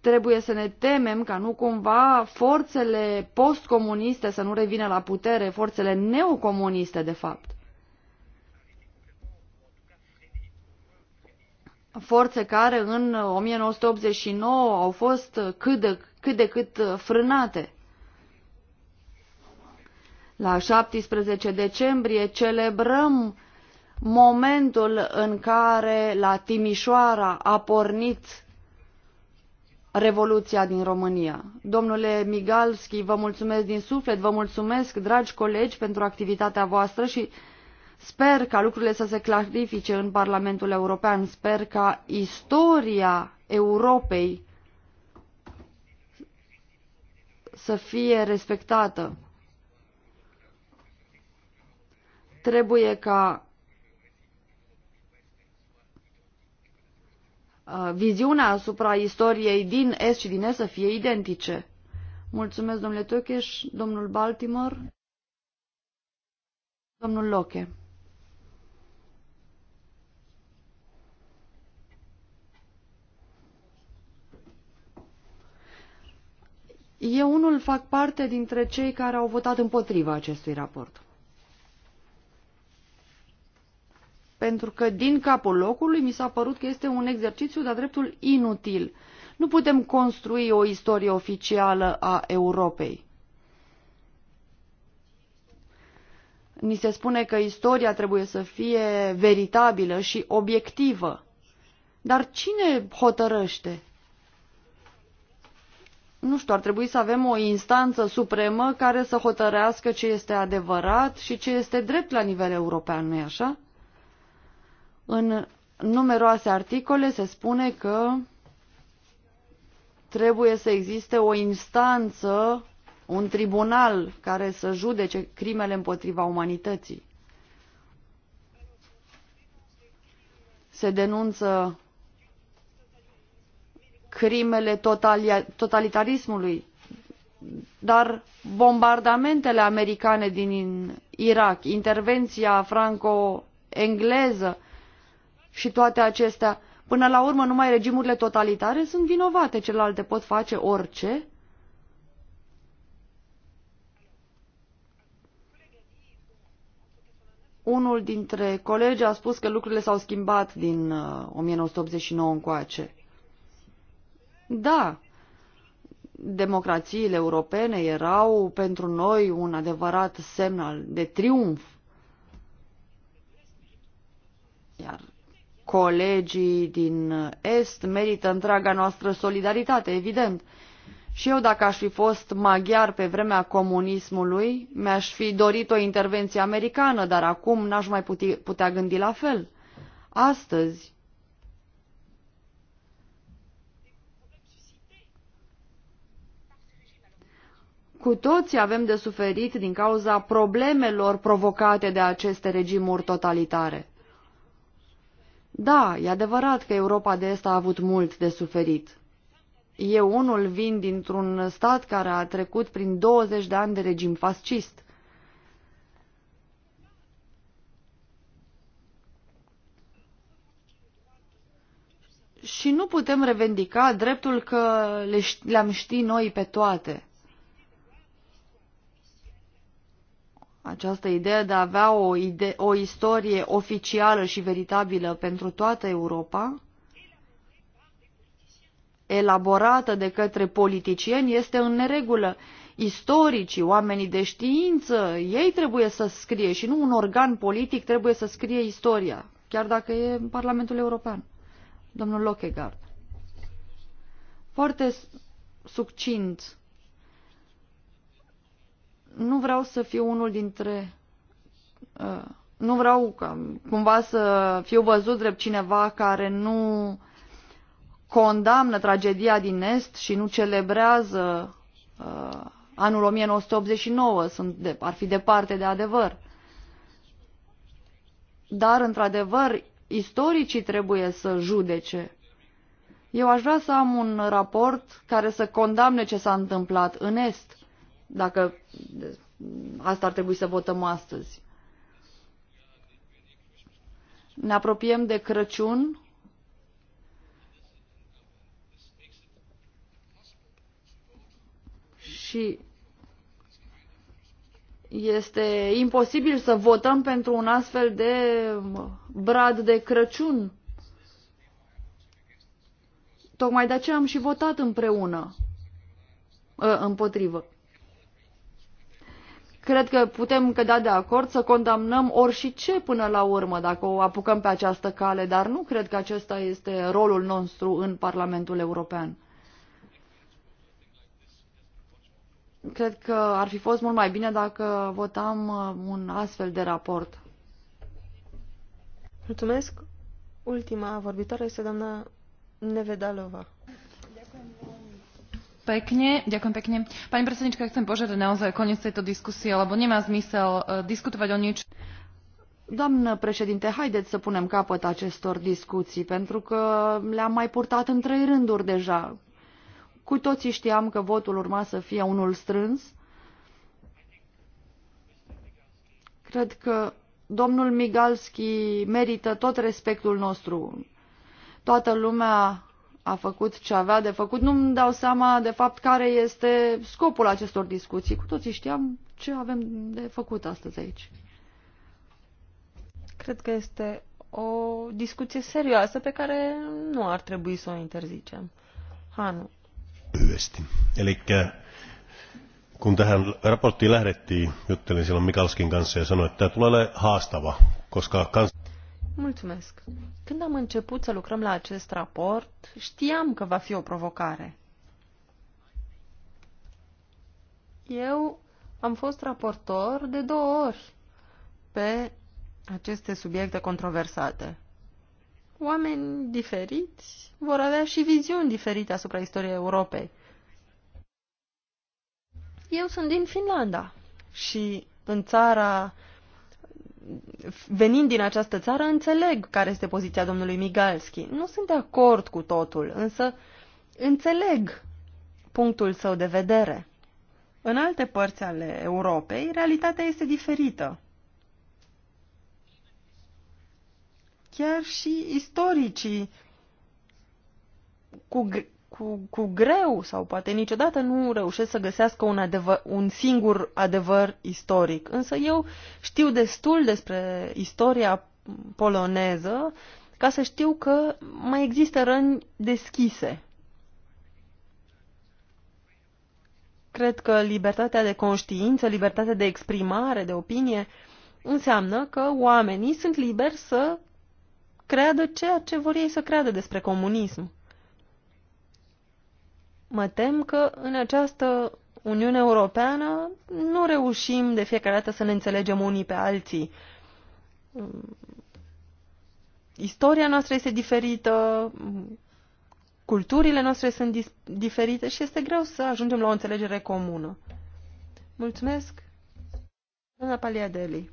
Trebuie să ne temem ca nu cumva forțele postcomuniste să nu revină la putere, forțele neocomuniste, de fapt. forțe care în 1989 au fost cât de cât de cât uh, frânate. La 17 decembrie celebrăm momentul în care la Timișoara a pornit Revoluția din România. Domnule Migalski, vă mulțumesc din suflet, vă mulțumesc, dragi colegi, pentru activitatea voastră și sper ca lucrurile să se clarifice în Parlamentul European. Sper ca istoria Europei să fie respectată. Trebuie ca uh, viziunea asupra istoriei din Est și din Est să fie identice. Mulțumesc, domnule Tocheș, domnul Baltimore, domnul Loche. Eu unul fac parte dintre cei care au votat împotriva acestui raport. Pentru că din capul locului mi s-a părut că este un exercițiu de-a dreptul inutil. Nu putem construi o istorie oficială a Europei. Ni se spune că istoria trebuie să fie veritabilă și obiectivă. Dar cine hotărăște? nu știu, ar trebui să avem o instanță supremă care să hotărească ce este adevărat și ce este drept la nivel european, nu-i așa? În numeroase articole se spune că trebuie să existe o instanță, un tribunal care să judece crimele împotriva umanității. Se denunță crimele totalitarismului, dar bombardamentele americane din Irak, intervenția franco-engleză și toate acestea, până la urmă numai regimurile totalitare sunt vinovate, celelalte pot face orice. Unul dintre colegi a spus că lucrurile s-au schimbat din 1989 uh, încoace. Da, democrațiile europene erau pentru noi un adevărat semnal de triumf. Iar colegii din Est merită întreaga noastră solidaritate, evident. Și eu, dacă aș fi fost maghiar pe vremea comunismului, mi-aș fi dorit o intervenție americană, dar acum n-aș mai putea gândi la fel. Astăzi, Cu toții avem de suferit din cauza problemelor provocate de aceste regimuri totalitare. Da, e adevărat că Europa de Est a avut mult de suferit. Eu unul vin dintr-un stat care a trecut prin 20 de ani de regim fascist. Și nu putem revendica dreptul că le, le-am ști noi pe toate. Această idee de a avea o, ide- o istorie oficială și veritabilă pentru toată Europa, elaborată de către politicieni, este în neregulă. Istoricii, oamenii de știință, ei trebuie să scrie și nu un organ politic trebuie să scrie istoria, chiar dacă e în Parlamentul European. Domnul Lockegaard. Foarte succint nu vreau să fiu unul dintre... Uh, nu vreau ca, cumva să fiu văzut drept cineva care nu condamnă tragedia din Est și nu celebrează uh, anul 1989. Sunt de, ar fi departe de adevăr. Dar, într-adevăr, istoricii trebuie să judece. Eu aș vrea să am un raport care să condamne ce s-a întâmplat în Est dacă asta ar trebui să votăm astăzi. Ne apropiem de Crăciun. Și este imposibil să votăm pentru un astfel de brad de Crăciun. Tocmai de aceea am și votat împreună, ă, împotrivă. Cred că putem cădea de acord să condamnăm orice ce până la urmă dacă o apucăm pe această cale, dar nu cred că acesta este rolul nostru în Parlamentul European. Cred că ar fi fost mult mai bine dacă votam uh, un astfel de raport. Mulțumesc. Ultima vorbitoare este doamna Nevedalova ďakujem pekne. Pani predsednička, chcem požiadať naozaj koniec tejto diskusie, lebo nemá zmysel diskutovať o nič. Doamnă președinte, haideți să punem capăt acestor discuții, pentru că le-am mai purtat în trei rânduri deja. Cu toții știam că votul urma să fie unul strâns. Cred că domnul Migalski merită tot respectul nostru. Toată lumea a făcut ce avea de făcut, nu-mi dau seama de fapt care este scopul acestor discuții. Cu toții știam ce avem de făcut astăzi aici. Cred că este o discuție serioasă pe care nu ar trebui să o interzicem. Hanu. Lyhyesti. Eli kun tähän raporttiin lähdettiin, juttelin silloin Mikalskin kanssa ja sanoin, että tämä tulee haastava, koska kans... Mulțumesc. Când am început să lucrăm la acest raport, știam că va fi o provocare. Eu am fost raportor de două ori pe aceste subiecte controversate. Oameni diferiți vor avea și viziuni diferite asupra istoriei Europei. Eu sunt din Finlanda și în țara venind din această țară, înțeleg care este poziția domnului Migalski. Nu sunt de acord cu totul, însă înțeleg punctul său de vedere. În alte părți ale Europei, realitatea este diferită. Chiar și istoricii cu cu, cu greu sau poate niciodată nu reușesc să găsească un, adevăr, un singur adevăr istoric. Însă eu știu destul despre istoria poloneză ca să știu că mai există răni deschise. Cred că libertatea de conștiință, libertatea de exprimare, de opinie, înseamnă că oamenii sunt liberi să creadă ceea ce vor ei să creadă despre comunism mă tem că în această Uniune Europeană nu reușim de fiecare dată să ne înțelegem unii pe alții. Istoria noastră este diferită, culturile noastre sunt diferite și este greu să ajungem la o înțelegere comună. Mulțumesc, doamna Paliadeli.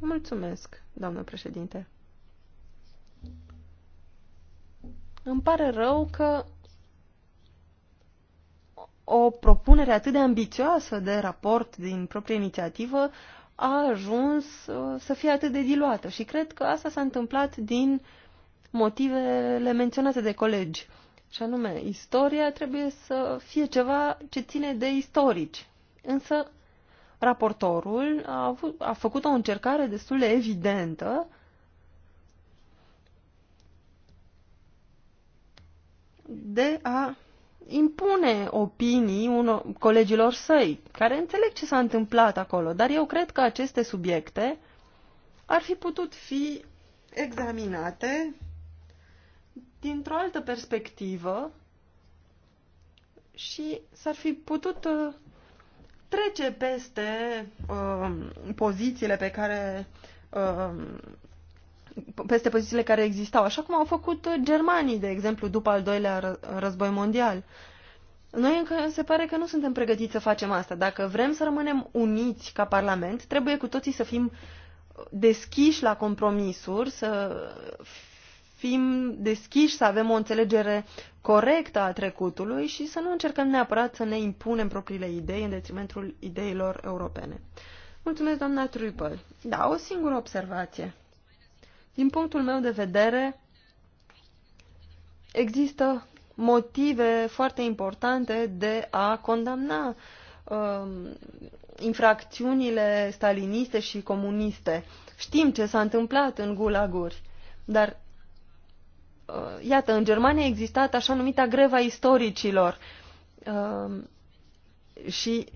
Mulțumesc, doamnă președinte. Îmi pare rău că o propunere atât de ambițioasă de raport din proprie inițiativă a ajuns uh, să fie atât de diluată și cred că asta s-a întâmplat din motivele menționate de colegi. Și anume, istoria trebuie să fie ceva ce ține de istorici. Însă, raportorul a, avut, a făcut o încercare destul de evidentă de a impune opinii unor colegilor săi, care înțeleg ce s-a întâmplat acolo, dar eu cred că aceste subiecte ar fi putut fi examinate dintr-o altă perspectivă și s-ar fi putut uh, trece peste uh, pozițiile pe care uh, peste pozițiile care existau, așa cum au făcut germanii, de exemplu, după al doilea război mondial. Noi încă se pare că nu suntem pregătiți să facem asta. Dacă vrem să rămânem uniți ca Parlament, trebuie cu toții să fim deschiși la compromisuri, să fim deschiși, să avem o înțelegere corectă a trecutului și să nu încercăm neapărat să ne impunem propriile idei în detrimentul ideilor europene. Mulțumesc, doamna Trupel. Da, o singură observație. Din punctul meu de vedere, există motive foarte importante de a condamna uh, infracțiunile staliniste și comuniste. Știm ce s-a întâmplat în gulaguri, dar uh, iată, în Germania a existat așa numita greva istoricilor uh, și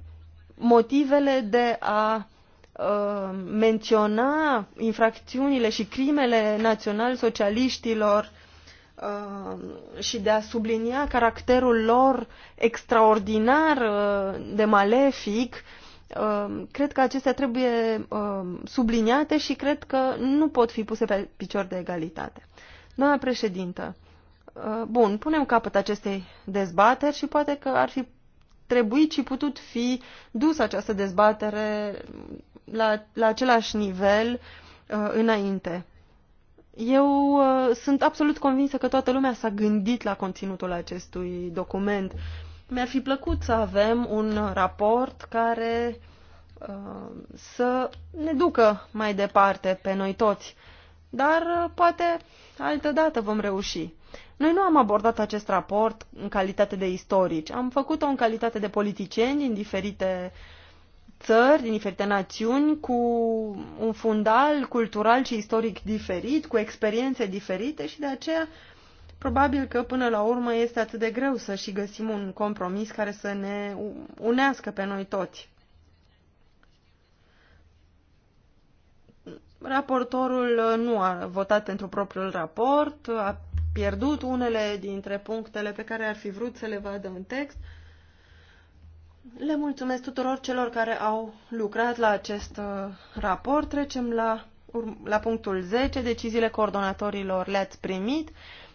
motivele de a Uh, menționa infracțiunile și crimele național-socialiștilor uh, și de a sublinia caracterul lor extraordinar uh, de malefic, cred că acestea trebuie subliniate și cred că nu pot fi puse pe picior de egalitate. Doamna președintă, bun, punem capăt acestei dezbateri și poate că ar fi trebuit și putut fi dus această dezbatere la, la același nivel uh, înainte. Eu uh, sunt absolut convinsă că toată lumea s-a gândit la conținutul acestui document. Mi-ar fi plăcut să avem un raport care uh, să ne ducă mai departe pe noi toți, dar uh, poate altă dată vom reuși. Noi nu am abordat acest raport în calitate de istorici, am făcut-o în calitate de politicieni din diferite uh, țări, din diferite națiuni, cu un fundal cultural și istoric diferit, cu experiențe diferite și de aceea probabil că până la urmă este atât de greu să și găsim un compromis care să ne unească pe noi toți. Raportorul uh, nu a votat pentru propriul raport, a pierdut unele dintre punctele pe care ar fi vrut să le vadă în text, le mulțumesc tuturor celor care au lucrat la acest uh, raport. Trecem la, la punctul 10. Deciziile coordonatorilor le-ați primit.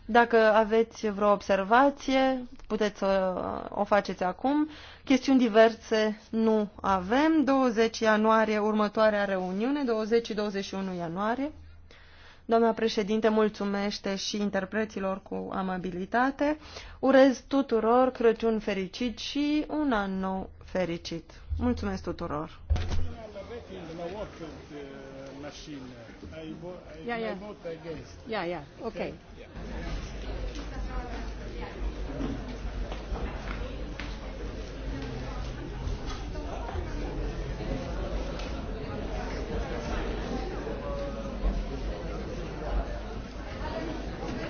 Dacă aveți vreo observație, puteți să uh, o faceți acum. Chestiuni diverse nu avem. 20 ianuarie, următoarea reuniune, 20 21 ianuarie. Doamna președinte mulțumește și interpreților cu amabilitate. Urez tuturor Crăciun fericit și un an nou fericit. Mulțumesc tuturor! Yeah, yeah. Yeah, yeah. Okay. okay. Yeah.